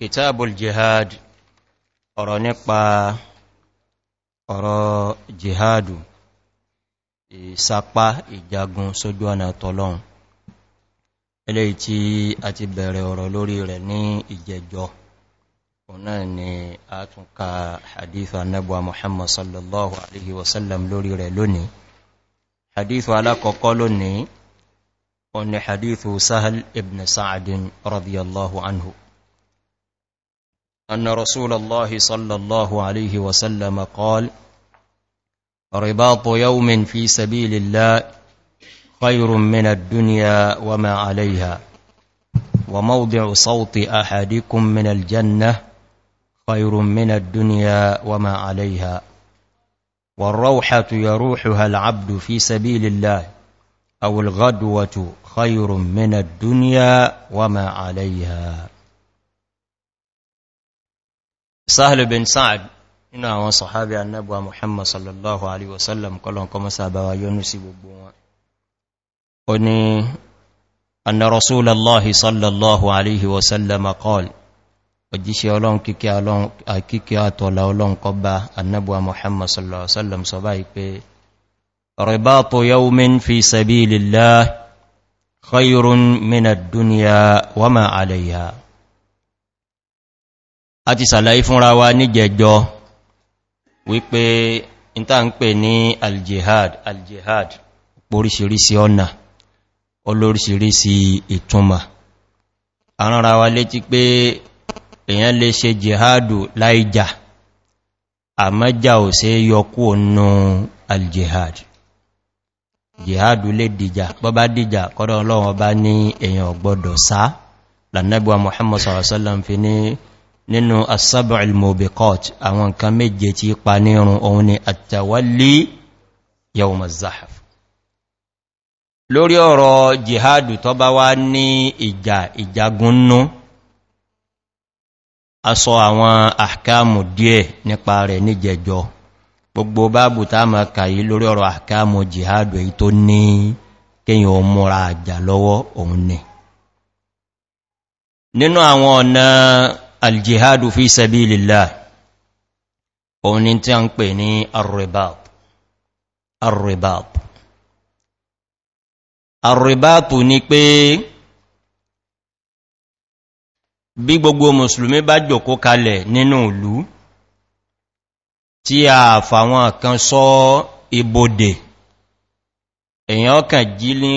kitabul jihad ọ̀rọ̀ nípa ọ̀rọ̀ jihadu ìsapá ìjagun sójú ọ̀nà tọ́lọ́un ilé tí a ti bẹ̀rẹ̀ ọ̀rọ̀ lórí rẹ̀ ní ìjẹjọ́ ọ̀nà ni a tún ka hadithu annabuwa muhammad sallallahu alaihi wasallam lórí rẹ̀ lónìí hadithu alákọ̀ọ́kọ́ lónìí ọ̀nà hadithu sahal ibn sa'adin radiyallahu anhu ان رسول الله صلى الله عليه وسلم قال رباط يوم في سبيل الله خير من الدنيا وما عليها وموضع صوت احدكم من الجنه خير من الدنيا وما عليها والروحه يروحها العبد في سبيل الله او الغدوه خير من الدنيا وما عليها سهل بن سعد إنه هو صحابي عن نبوة محمد صلى الله عليه وسلم قال لهم كما سابوا يونسي ببوة وني أن رسول الله صلى الله عليه وسلم قال وجيشي أولون كيكي أولون كيكي أطول أولون قبا النبوة محمد صلى الله عليه وسلم صباحي في رباط يوم في سبيل الله خير من الدنيا وما عليها a ti sàlàyé fúnra wa ní jẹjọ wípé ìta ń pè ní aljihad aljihad poríṣiríṣi ọ̀nà olóríṣiríṣi ìtumà àránra wa létí pé èyàn lè ṣe jihadu láìjà àmọ́jà ò sí yọkú ònú aljihad jihadu lè dìjà bọ́bá dìjà kọ́dọ̀ ọlọ́wọ́ bá ní èyàn ọgbọ́dọ̀ sá lànẹ́gbà mohamed sọ̀rọ̀sọ́lá ń fi ní nínú asábà ilmobikot àwọn nǹkan méje tí pa nírun òun ni àtàwálí yau mazahaf lórí ọ̀rọ̀ jihadu tó bá wá ní ìjà ìjagunnú a sọ àwọn àkàmù díẹ̀ nípa rẹ̀ ní jẹjọ gbogbo báàbù tá ma kàyí lórí ọ̀rọ̀ àkàmù jihadu èyí tó ní kíyàn múra àjà lọ́wọ́ òun ni nínú àwọn ọ̀nà aljihadu fi sabilillah òun ni tí a ń pè ní arribab arribab arribab ni pé bí gbogbo musulmi bá jòkó kalẹ̀ nínú ìlú tí a fàwọn kan sọ ibodè èyàn kan jí ní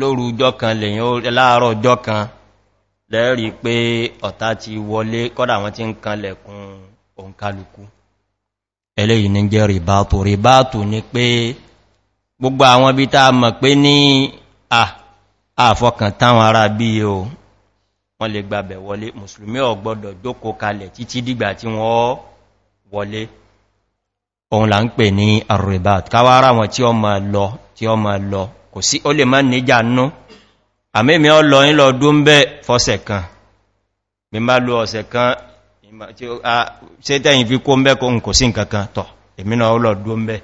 lóru ọjọ́ kan lèyàn láàárọ̀ ọjọ́ kan lẹ́rí pé ọ̀tá ti wọlé kọ́dà wọn ti ń kanlẹ̀kún òǹkálukú ẹlẹ́yìn ní jẹ́ rìbátò rìbátò ní pé gbogbo àwọn bí tá mọ̀ pé ní àfọkàn táwọn ará bí o wọ́n lè gbàbẹ̀ wọlé musulmi ọgbọ́dọ̀ jókó kalẹ̀ títí dìgbà tí wọ́n wọlé ohun là ń pè ní arribat káwàrá wọn tí ọmọ lọ tí ọmọ lọ kò sí ó lè má níjà nú àmìmì ọlọ ìlọ dún bẹ́ fọ́sẹ̀ kan mi má lú ọ̀sẹ̀ kan ṣe tẹ́yìn fi kó ń bẹ́ kó ń kò sí nkankan tọ̀ èmìnà ọlọ dún bẹ́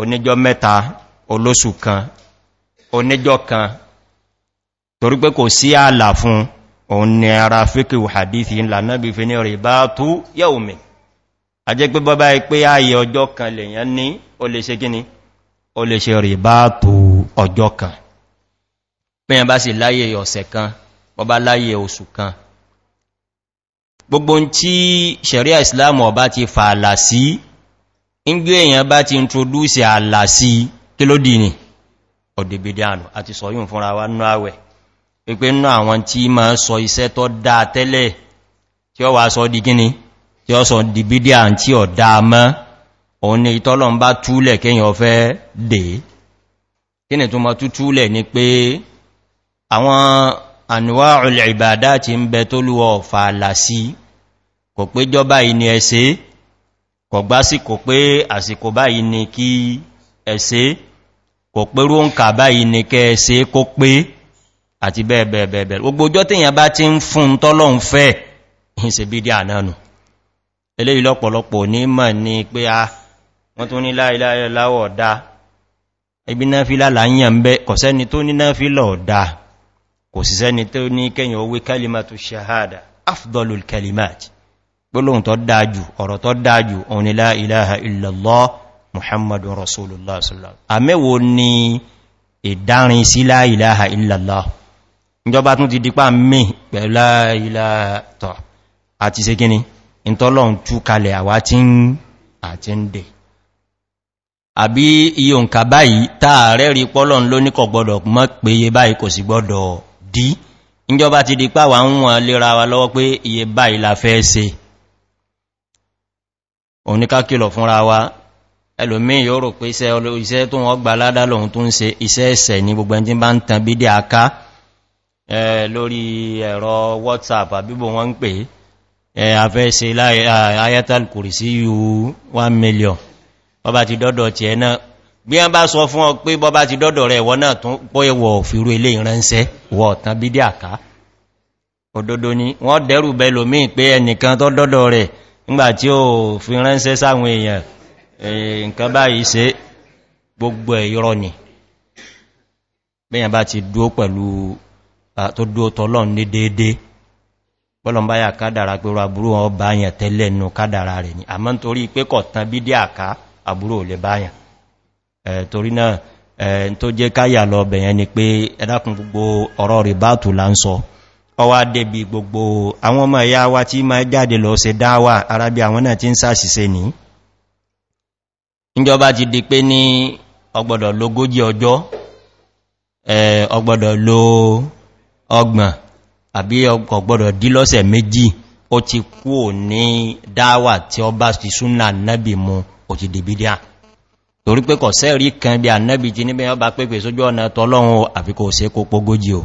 oníjọ mẹ́ta olóṣù kan oníjọ kan torí pé kò sí ààlà fún òun ni ara fíkì hadithi ńlá náà bí fi ní rí bá tú yẹ́ omi pé bọ́bá ipé ààyè ọjọ́ kan lèyàn ní o lè ṣe gíní o lè ṣe rí bá tú ọjọ́ kan pẹ́yàn bá sì láyé ọ̀sẹ̀ kan wọ́n bá láyé oṣù kan gbogbo tí ṣẹ̀ríà ìsìláàmù ọba ti fa àlà sí ingbé èyàn bá ti introduce àlà sí kí ló dì ní ọ̀dẹ̀bẹ̀dẹ̀ ànù àti sọ̀yún fúnra wa nú àwẹ̀ pípé nú àwọn tí ma sọ iṣẹ́ tó dá tẹ́lẹ̀ tí ó wà sọ di gíní tí ó sọ dìbídí à tí ọ̀ dá mọ́ òun ni ìtọ́lọ̀ bá túlẹ̀ kéyàn fẹ́ dèé kí ni tó mọ́ tútúlẹ̀ ni pé àwọn àníwá ọ̀lẹ̀ ìbàdá ti ń bẹ tó lúwọ fààlà sí kò pé jọba ìní ẹ̀ṣẹ́ kò gbá sí kò pé àsìkò báyìí ni kí ẹ̀ṣẹ́ kò pé ró ń kà báyìí ni kẹ ẹ̀ṣẹ́ kó pé àti bẹ́ẹ̀bẹ̀ẹ̀bẹ̀ gbogbo ọjọ́ tíyàn bá ti ń fún tọ́lọ́un fẹ́ ìsẹ̀bídí ànánù eléyìí lọ́pọ̀lọpọ̀ ní mọ̀ ah, ní pé ọ̀dá ẹgbínáfílà là ń yàn bẹ́ kọ̀sẹ́ni tó ní ọ̀dá kò sì sẹ́ni tó ní kẹyìn owó kalimatu shahada afdolul kalimat gbólóhun tó dájú ọ̀rọ̀ tó dájú òun ni láìláha illallah muhammadun rasulullah sallallahu àmẹ́wò ni ìdárin sí láìláha illallah ìjọba tún ti dípá mí ń àti báyìí táàrẹ́ rí pọ́lọ́n lóníkọ̀ gbọ́dọ̀ mọ́ péye báyìí kò sì gbọ́dọ̀ dí ìjọba ti di pàwà ń wọn lera wa lọ́wọ́ pé iye báyìí la fẹ́ ṣe oníkákìlọ̀ fúnra wa ẹlòmíì yóò rò pé iṣẹ́ tó wọ́n gbà ládá lòun tó ń se iṣẹ́ ẹ̀sẹ̀ ní gbogbo ẹni tí bá ń tan bí aká lórí ẹ̀rọ whatsapp àbíbò wọ́n ń pè afẹ́ se ayatal kùrì sí 1 million ọba ti dọ́dọ̀ tí ẹ náà bí a bá sọ fún ọ pé bọ́bá ti dọ́dọ̀ rẹ̀ wọ́n náà tún pọ́yẹ̀wọ̀ òfìrú ilé ìránṣẹ́ wọ́ ọ̀tán bí dí àká òdòdó ni wọ́n dẹ̀rù bẹ́lòmí pé ẹnìkan tó dọ́dọ̀ rẹ̀ nígbàtí ó fi ránṣẹ́ sáwọn èèyàn nǹkan báyìí se gbogbo ẹ̀yọ́rọ̀ ni bẹ́yàn bá ti dúó pẹ̀lú tó dúó tọ́lọ́n ní bọ́lọ̀n báyà kádàrà pé àbúrò wọn báyàn tẹ́lẹ̀ nù kádàrà rẹ̀ ni àmọ́ nítorí pé kọ̀tán bí àká àbúrò ò báyàn Eh, torí náà eh, tó kaya káyà lọ bẹ̀yẹn ni pé ẹ̀dàkùn gbogbo ọ̀rọ̀ rẹ̀ la tù là ń sọ ọwá gbogbo àwọn ọmọ ẹ̀yà wa tí ma jáde lọ se dáwà arábí àwọn náà tí ń sàṣìṣe ní ìjọba ti di pé ní ọgbọ̀dọ̀ lógójì ọjọ́ ọgbọ̀dọ̀ eh, lo ọgbọ̀n àbí ọgbọ̀dọ̀ dí lọ́sẹ̀ méjì ó ti kú ní dáwà tí ọ bá ti súnà nábì mu òtìdìbídíà torí pé kọ̀ sẹ́rí kan bí annabi jí níbẹ̀ ọba pépè sójú ọ̀nà tọ́lọ́run àfikò òsè kó pógójì o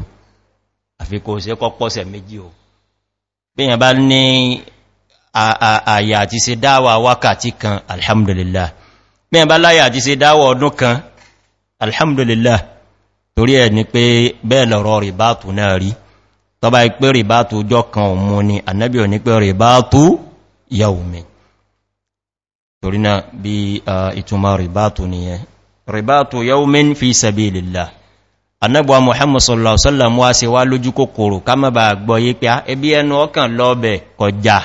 àfikò òsè kọ́ pọ́sẹ̀ méjì o bíyàn bá ní àyà àti se dáwà wákàtí kan alhamdulillah bíyàn bá láyà àti se dáwà ọdún kan alhamdulillah torí ẹ̀ ni pé bẹ́ẹ̀ lọ̀rọ̀ rìbátù náà rí tọba ipé rìbátù ọjọ́ kan òun ni annabi ò ní torí náà bí ìtumọ̀ ribátù nìyẹn ribátù yau min fi sàbí lìlá annabuwa muhammad sallallahu ala'uwa wá sí wá lójú kòkòrò ká mọ́ bá gbọ́ yí pé ẹbí ah, ẹnu ọkàn lọ́ọ̀bẹ̀ kọjá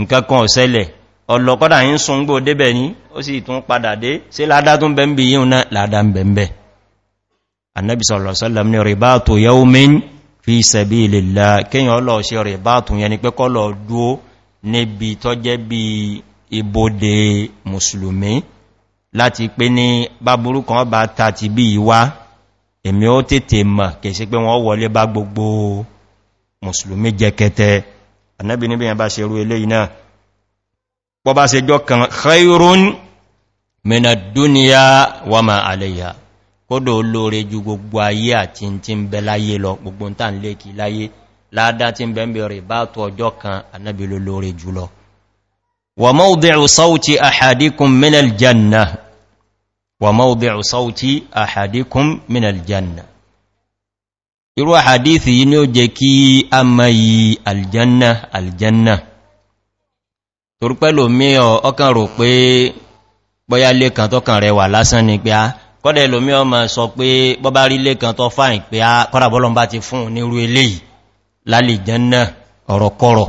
nǹkan ọ̀sẹ́lẹ̀ ọlọ́kọ́dà yí ń sun gbò débẹ̀ ní ó sì tún padà dé sí ládá ibode musulumi láti pé ní báburú kan bá ta ti bí ìwá èmi ó tètè mọ̀ kèsí pé wọ́n wọlé bá gbogbo musulumi jẹkẹtẹ annabi níbi yẹn bá ṣe rú ilé iná pọ́ bá ṣe jọ kan khairun mena duniya wa ma alayya kódò olóore ju gbogbo ayé àti tí ń bẹ láyé lọ gbogbo ń tàn lékì láyé ládá tí ń bẹ ń bẹ̀rẹ̀ bá tó ọjọ́ kan annabi lólóore jùlọ وموضع صوت أحدكم من الجنة وموضع صوت أحدكم من الجنة irú àdíthì yìí ni ó jẹ kí a mayi aljanna aljanna torúpẹ́lò mí ọkàn rò pé bọ́yá lẹ́kàn tọ́kàn rẹ̀ wà lásán ni pé a kọ́dẹ̀ lò mí ọmọ sọ pé bọ́bá rí lẹ́kàn tọ́ fáìn pé a ah, kọ́dà bọ́lọ́mbá ti fún nírú eléyìí lálì janna ọ̀rọ̀kọ́rọ̀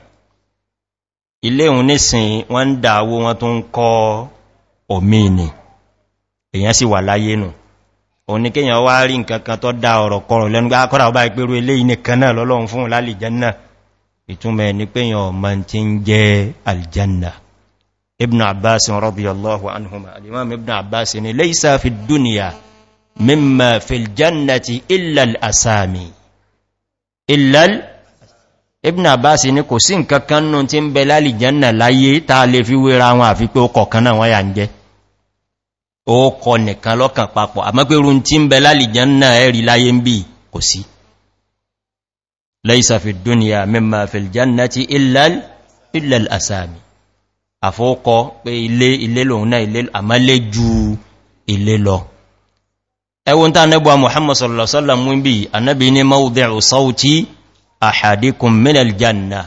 ilé òun nísìn wọ́n ń dà owó wọn tó ń kọ́ òmìnì èyàn sì wà láyé nù òun ní kíyàn wá rí nkankan tó dá ọ̀rọ̀ kọrùn lẹ́nu gbá ah, kọ́rà ọba ìpérú ilé ìnìkan náà lọ́lọ́run fún lálìjánà ìtumẹ̀ ní pèyàn ọmọ tí ń jẹ́ aljanna ibn abbas ni kò sí nǹkan kan nù tí ń bẹ lálì jẹ́nà láyé tá a lè fi wéra wọn àfi pé ó kọ̀kan náà wọ́n yà ń jẹ́ ó kọ nìkan lọ́kàn papọ̀ àmọ́pẹ́rún tí ń bẹ lálì jẹ́nà ẹ̀rí láyé ń bí kò sí laisa fi duniya mimma asami afoko pe ile ile lohun na ile amale ju ile lo ewon ta nabi muhammad sallallahu alaihi wasallam win àṣàdíkùn mínal janna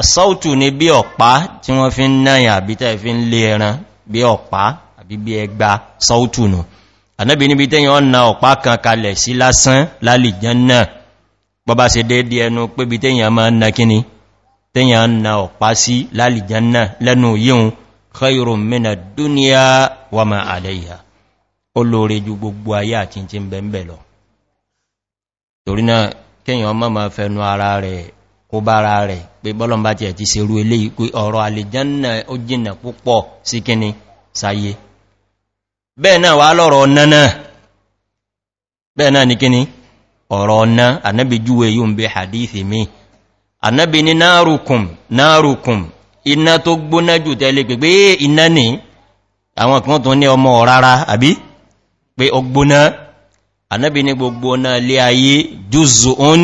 asautu ni bí ọ̀pá tí wọ́n fi ń náyà àbí tẹ́ fi ń lé ẹran bí ọ̀pá àbí bí ẹgbà sautu nù ànábi níbi tẹ́yìn ọ̀nà ọ̀pá kan kalẹ̀ sí lásán lálìjánná bọ́bá se dédé ẹnu pé bí tẹ́yìn ọmọ ọ̀nà kíní tẹ́yìn ọ̀nà ọ̀pá sí lálìjánná lẹ́nu yíun khairun mina duniya wa ma alayya olóore ju torí náà kíyàn ọmọ ma fẹnu ara rẹ̀ kó bára rẹ̀ pé bọ́lọ̀mbá ti ẹ̀ ti se rú ilé ìpé ọ̀rọ̀ alìjánà ó jìnà púpọ̀ sí kíni sáyé bẹ́ẹ̀ náà wà lọ́rọ̀ ọ̀nà náà bẹ́ẹ̀ náà ni kíni ọ̀rọ̀ ọ̀nà anábi júwe yóò ń bẹ hadith mi anábi ni náàrùkùn náàrùkùn iná tó gbóná jù tẹ́lé pé iná ni àwọn kan tó ní ọmọ rárá àbí pé ó gbóná anábi ní gbogbo náà lé ayé juz'un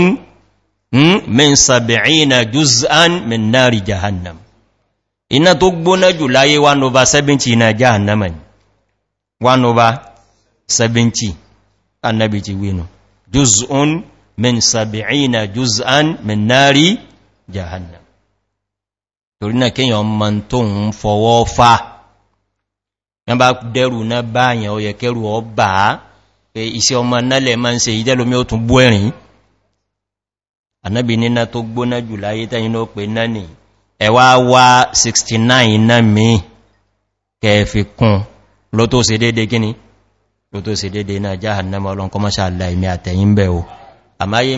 hmm, min sabi'ina juz'an min nari jahannam iná tó gbóná jù láyé 1 over 70 iná jahannam 1 over 70 annabi ti winu juz'un min sabi'ina juz'an min nari jahannam torí náà kíyàn mọ́ tó ń fọwọ́ fa yán bá dẹ̀rù náà báyàn ó ọ bàá pé iṣẹ́ ọmọ nálẹ̀ máa ń se ìdẹ́lómi ó tún bú ẹ̀rin anábi níná tó gbóná jù láyé tẹ́yìn ló pé náni ẹwà wá 69 iná míì kẹfì kún ló tó se dédé gíní ló tó se dédé iná jáhannama ọlọ́nkọmọ́sá aláìmí àtẹ̀yìn bẹ̀ o àmáyé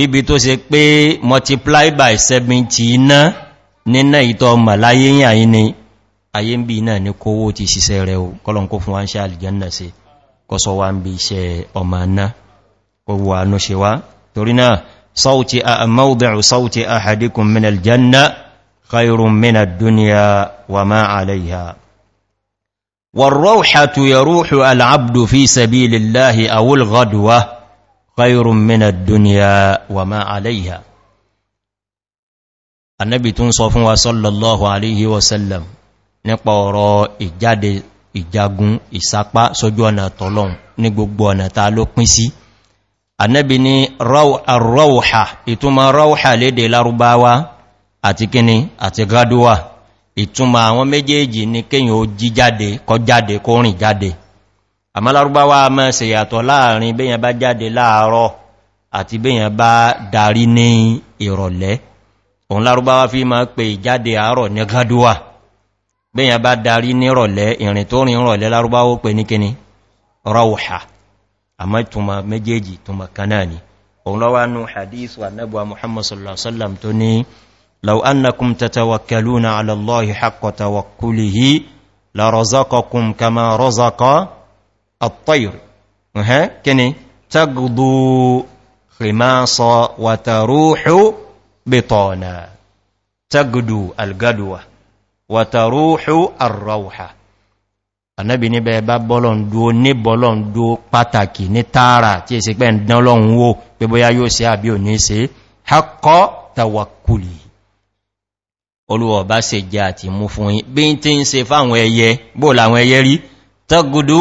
bíbi tó se pé multiply by 70 náà nínà ìtọ́ ọmọ láyé yìn àyí ni ayé ń bí náà ní kówó ti ṣiṣẹ́ rẹ̀ o kọ́lọ̀n kó fún wa ń ṣe àlìjánà sí kọ́sọ wa ń bí iṣẹ́ ọmọ náà kówó àánú ṣe wá torí náà sauti a mọ́ annabi tún sọ fún wa sallallahu alaihi wasallam nípa ọ̀rọ̀ ìjáde ìjagun ìsapá sójú ọ̀nà tọ́lọ́un ní gbogbo ọ̀nà ta ló pín sí annabi ni arọ́wà ìtumọ̀ rọ́wà lédè larubawa àti kíni àti graduwa ìtumọ̀ àwọn méjèèjì ní kíyàn ó jí jáde kọ jáde kó rìn jáde àmá larubawa mọ́ sí yàtọ̀ láàrin bíyàn bá jáde láàárọ̀ àti bíyàn bá darí ní ìrọ̀lẹ́ òun lárúbáwá fi máa pè ìjáde àárọ̀ ní gádúwà bẹ́yàn bá darí ní rọ̀lẹ́ ìrìn tó rìn rọ̀lẹ́ lárúbáwó pè ní kíni ráwùhà àmọ́ ìtumà méjèèjì ìtumà kanáà ni òun lọ́wọ́ nú hadithu annabuwa muhammad sallallahu alaihi wasallam tó ní lau annakum tatawakkaluna ala بطانا تقدو القدوة وتروح الروحة annabi ni bẹ́ẹ̀ bá bọ́lọ̀n dúó ní bọ́lọ̀n dúó pàtàkì ní tààrà tí è sì pẹ́ ń dán lọ́run wó pé bóyá yóò sí àbí ò ní sí hakọ́ tàwàkùlì olúwọ̀ se jẹ́ àti mú fún yí bí tí ń se fáwọn ẹyẹ bó làwọn ẹyẹ rí tọ́gudú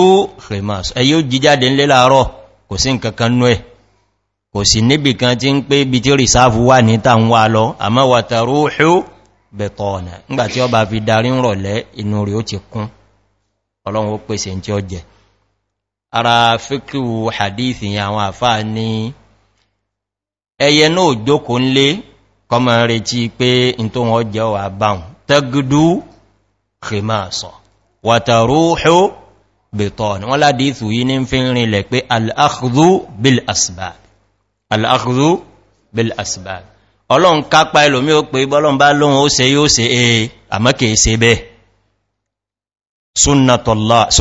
kò sí níbì kan tí ń pé bí tí rìsáàfù wà ní tàǹwà lọ àmọ́ wàtàrú hù bẹ̀tọ̀ ọ̀nà nígbàtí ọba fi darí ń rọ̀lẹ́ inú rí ó ti kún ọlọ́run ó pèsè tí ó jẹ ara fíkíwù hadithi àwọn àfá ní ẹyẹ náà jókó nlé kọmọ retí pé in tó wọ́n jẹ́ wà báhùn tẹ́gidú kìmáàsọ̀ wọ́n ládìí ìtù yí ní fi ń rinlẹ̀ pé al bil asbab al'akúrú bil asbab ọlọ́run kápa ẹlòmí ó pé bọ́lọ́n bá lóhun ó se yóò se e àmọ́ kìí se bẹ́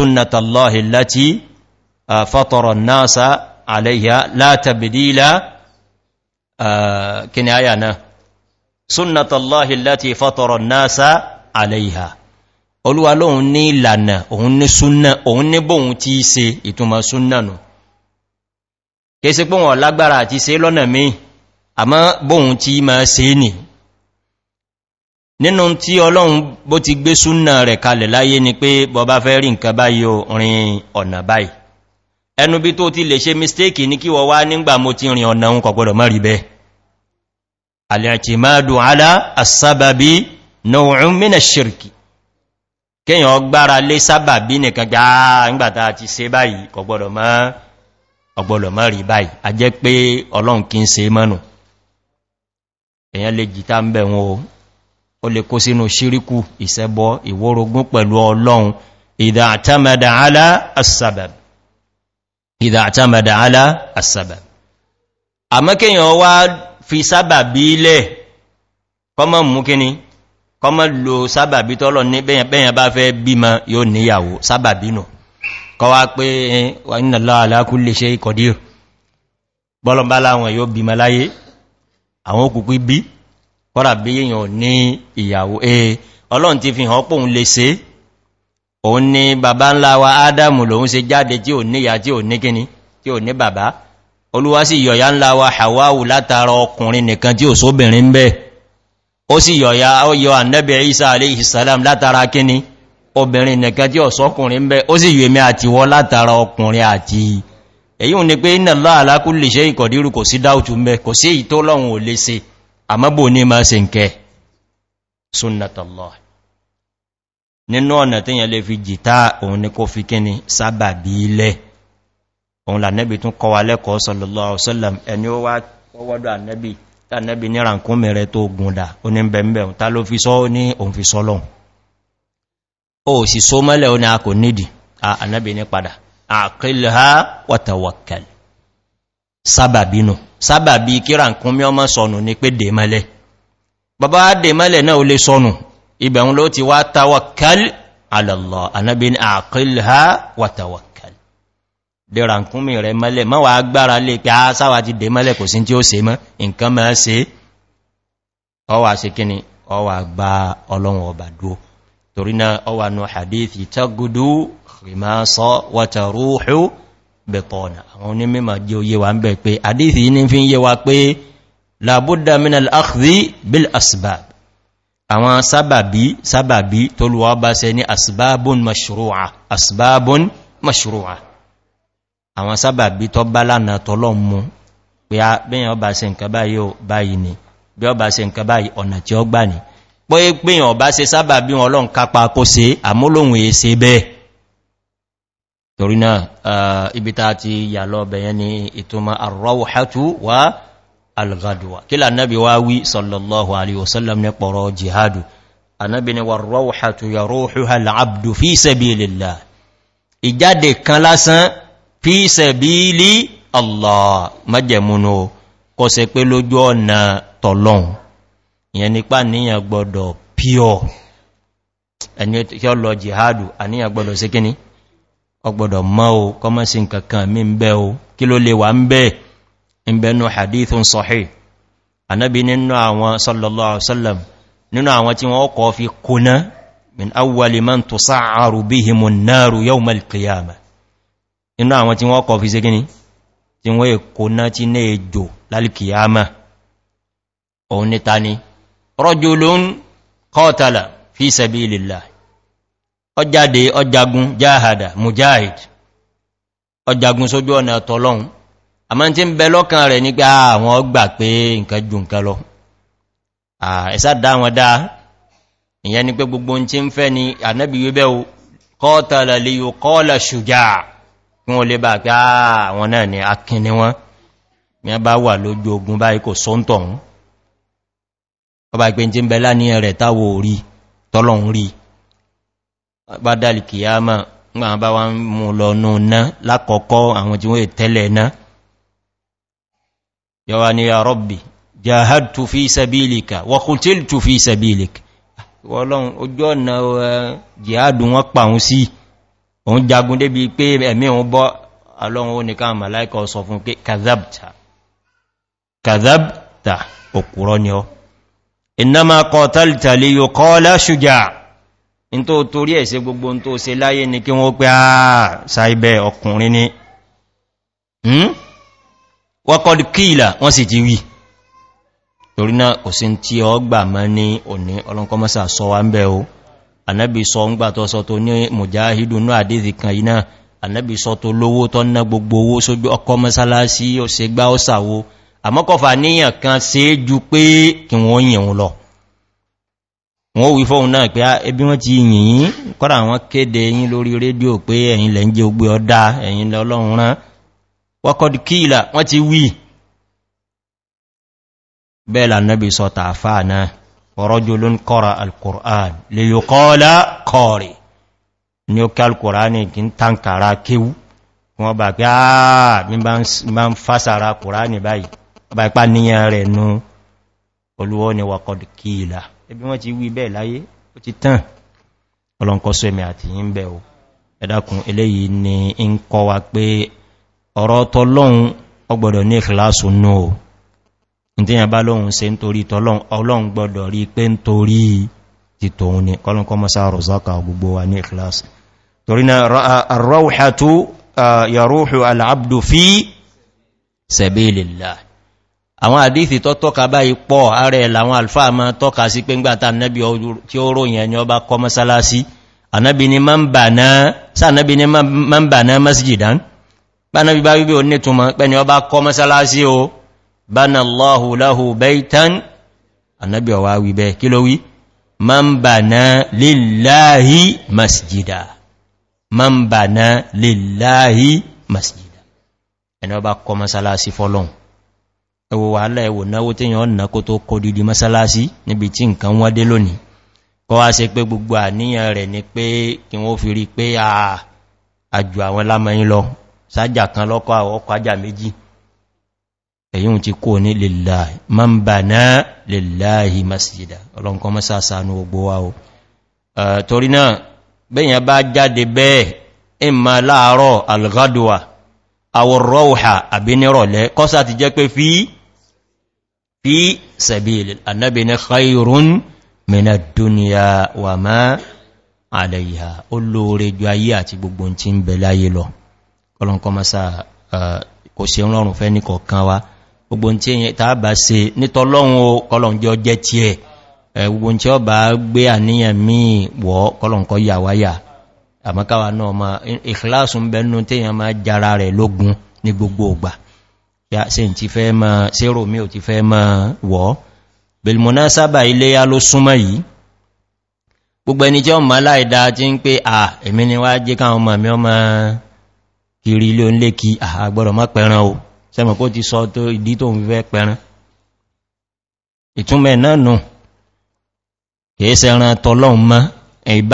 sunnatallahi láti ah, fọ́tọ̀rọ̀ náà aláyà látàbìdílá ah, kí ni àyà náà sunnatallahi láti fọ́tọ̀rọ̀ náà aláyà olúwa lóhun ní ìlànà òun ní bóhun tí se ìtumọ̀ súnnà kéèsí pé wọn lágbára àti se lọ́nà míì àmọ́ bóhun tí ma se nì nínú tí ọlọ́run bó ti gbé suna rẹ̀ kalẹ̀ láyé ni pé bọba fẹ́ rí nǹkan báyìí rin ọ̀nà báyìí ẹnu bí tó ti lè ṣe mistake ní kí wọ wá nígbà mo ti rin ọ̀nà oúnkọ̀ gbọ́dọ̀ mọ́ bẹ́ alẹ́kìmádùn alá asábàbí náà ọgbọ̀lọ̀ mọ́ rí báyìí a jẹ́ pé ọlọ́run kí ń se mọ́nù èyàn lè jìta ń bẹ̀ wọn o ó lè kó sínú ṣíríkù ìsẹ́bọ́ ìwórogún pẹ̀lú ọlọ́run ìdà àtàmàdà alá àsàbà àmọ́kèyàn wá fi sábàbí ilẹ̀ kọmọ mú kíní kọmọ lo sábàbí tọ́lọ ní bẹ́yàn bá fẹ́ bímọ yóò níyàwó sábàbí nù kọwa pé wà ní aláàlákú lè ṣe ìkọ̀dí bọ́lọ̀mbá láwọn yóò bí maláyé àwọn òkùnkú bí kọ́rà bí èèyàn ní ìyàwó e ọlọ́run ti fi hàn pòun lè ṣe òun ni bàbá ńlá wa ádámù lòun se jáde tí ò ní ìyà tí ò ní kíní tí ò ní bàbá olúwa sì yọ̀yá ńlá wa hawawu látara ọkùnrin nìkan tí ò sóbìnrin ń ó sì yọ̀yá ó yọ ànẹ́bẹ̀ isa aléhìsàlám látara kíní obìnrin nìkan tí ọ̀sọ́kùnrin ń bẹ́ ó sì yèmí àti wọ́ látara ọkùnrin àti èyí ni pé iná láàlákú lè ṣe ìkọ̀dírù kò sí dáútù mẹ́ kò sí ìtó lọ́run ò lè se àmọ́bò ní máa se nkẹ́ sunnatallọ́ nínú ọ̀nà tí yẹn lè fi ni kó fi kíni sábà bí ilẹ̀ òun ó sì só mọ́lẹ̀ ó ní a kò nídì ànábì ní padà àkílá wàtàwàkàlì sábàbí nù sábàbí kíra nǹkan mí ọmọ sọnù ní pé dè mọ́lẹ̀ bàbá dè mọ́lẹ̀ náà ó lè sọnù ibẹ̀rún ló ti wá tàwàkàlì alàlọ́ ànábì ní àkílá wàtàwàkàlì dẹ̀rà nǹkan mí rẹ̀ mọ́lẹ̀ mọ́ wà agbára lè pé a sáwà ti dè mọ́lẹ̀ kò sí tí ó se mọ́ nǹkan mọ́ se ọwà se kíni ọwà gba ọlọ́run ọba dúó torí náà ọwà nù hadithi tagudu rimasa wata ruhu betona àwọn onímọ̀ jẹ́ oyé wa ń bẹ̀ pé hadithi ní fi ń yé wa pé labúdá min al'akhdi bil asbab àwọn sábàbí sábàbí tó lùwà bá sẹ ní asbabun mashru'a asbabun mashru'a àwọn sábàbí tó bá lánà tọ́lọ́m mú pé bẹ́yàn ọba se nǹkan báyìí ọ̀nà tí ó gbà ni pọ́ é pé yàn bá se sábà bí wọn lọ́n kápa kó se àmúlòhun èsè bẹ́ẹ̀ torí náà ibita ti yà lọ bẹ̀yẹn ni ìtumọ̀ arọ́wọ̀hátú wá algaduwa kí lànàbí wá wí sallallahu alaihi wasallam ní pọ̀rọ̀ jihadu anábi ni wà rọ́wọ̀hátú ya róhùhà l'abdu fi ìyẹn nípa níyàn gbọdọ̀ píọ̀ ẹni tí ó lọ jihadu àníyàn gbọdọ̀ sí kíní ọgbọdọ̀ mọ́ o kọmọ́ sí nkankan mi ń bẹ́ o kí ló lè wà ń bẹ́ ń bẹ́ nú hadithun sọ̀hí anábi nínú àwọn sallallahu alaihi wasallam nínú àwọn tí wọ́n kọ́ fi kúná min awwali man to sa'aru bihimu naru òun níta ni rọ́júlún kọ́tàlà fi sàbílìlá ọjáde ọjagun jáhàdà mujahid ọjagun sójú ọ̀nà tọ́lọ́un a máa tí ń bẹ lọ́kàn rẹ̀ nígbà àwọn ọgbà pé nǹkan jù nǹkan lọ ẹ̀sá dá wọn dá ìyẹn ni pé gbogbo tí ń fẹ́ ni ànábìwé bẹ́ o kọ́tàlà lè yóò kọ́ọ̀lá ṣùgbà kún olè bá pé ah, àwọn náà ni akíní wọn ọba ìgbẹ̀njẹ́ ń bẹ̀lá ní ẹ̀rẹ̀ táwò orí tọ́lọ̀un rí bá dálì kìyàmà ńgbà bá wá ń mú lọ núná lákọ̀ọ́kọ́ àwọn tí wọ́n tẹ́lẹ̀ náà yọwa ni ya rọ́bì jahad tu fi sabilika wakutil tu fi sabilika wọ́lọ́un ojú ọ̀nà jihadun wọ́n pàun sí òun jagun débi pé ẹ̀mí òun bọ́ òkúrọ́ ni ọ́ ìnáma kọtàlìtà lè yóò kọ́ láṣùjá in tó torí ẹ̀ṣẹ́ gbogbo tó se láyé ní kí wọ́n pé àà ah, sáibẹ̀ ọkùnrin ni hmm? wọ́kọ̀dù kíìlà wọ́n sì ti wí torí náà kò sí tí ọ gbà mọ́ ní òní ọlọ́nkọmọ́sà sọ wá ń bẹ́ àmọ́kọ̀fà níyàn kan se é ju pé kí wọ́n yìn òun lọ wọ́n wí fóun náà pé ẹbí wọ́n ti yìn yìn kọ́rà wọ́n kéde yìn lórí rédíò pé ẹ̀yìn lẹ́ ń jẹ́ ogbé ọdá ẹ̀yìn lẹ́ ọlọ́run rán wọ́kọ̀dù kíìlà wọ́n ti wí bẹ́ẹ̀lá nẹ́bí àà mi bá ń fásàrà kùránì báyìí ọba ìpá níyàn rẹ̀ nú olúwọ́ ni wakọ̀dù kí ìlà ẹbí wọ́n ti wí bẹ́ẹ̀ láyé ó ti tàn ọlọ́nkọ́sọ ẹ̀mẹ̀ àti yí ń bẹ̀ o ẹ̀dàkùn eléyìí ni ń kọ́ wa pé ọ̀rọ̀ tọ́lọ́un ọgbọ̀dọ̀ ní ìkìláṣù nú o ìdíyàn bá lóhun se ń àwọn àdífì tó tọ́ka báyìí pọ̀ ààrẹ làwọn alfáà ma tọ́ka sí pé ńgbàta nẹ́bí tí ó ròyìn ẹni ọba kọ mọ́sálásí ànábi ni ma ń bà náà masjidan bá náà bí bá wíbí onítùmọ̀ pẹ́ni ọba kọ mọ́sálásí o bá na lọ́hù láhù bẹ́ìtàn ànábi ọwá wíbẹ̀ kí ló wí ma ń bà ẹni ọba kọ mọ́sálásí fọ́lọ́hùn ẹwọ wàhálà ẹwọ náwó tí yàn ọ̀nà kó tó kó dìdì masalasi níbi tí nǹkan wọ́n dé lónìí kọ́ wá se pé gbogbo àníyàn rẹ̀ ni pé kí wọ́n fi rí pé àjò àwọn lámọ́yìn lọ sájà kan lọ́kọ́ àwọ́kọ́ ajá méjì ẹ̀yìn ti kó ní lèlá mọ́mbà náà lèláhì masjida ọlọ́nkọ́ mọ́sásánú fi sẹ̀bílì annabi ni khairun mina duniya wa ma alayha olóore ju ayé àti gbogbo tí ń bẹ láyé lọ kọlọ̀nkọ́ masá kò sí rọrùn fẹ́ ní kọ̀ọ̀kan wa gbogbo tí èyàn tàbà se nítọ́lọ́run o kọlọ̀njọ́ jẹ́ ti ẹ̀ gbogbo tí ọ bá gbé àníyàn míì wọ́ kọlọ̀nkọ́ yà wáyà àmọ́káwà náà ma ìkìláàsùn bẹnu tí èyàn máa jara rẹ̀ lógún ní gbogbo ògbà ya se n ti fẹ́ ma se romi o ti fẹ́ ma wọ́ belmona sábà ilé ya ló súnmọ́ yìí gbogbo ẹni jẹ́ ọmọ aláìdá tí ń pé à èmi ni wá jẹ́ káwọn ọmọ mi ọmọ kiri ilé oúnlé kí àgbọ́rọ̀ mọ́ pẹran o sẹ́mọ̀ kó ti sọ tó ìdí tó ń fẹ́ pẹran ìtúnmẹ̀ náà nù kìí sẹ́ran tọ́lọ́un mọ́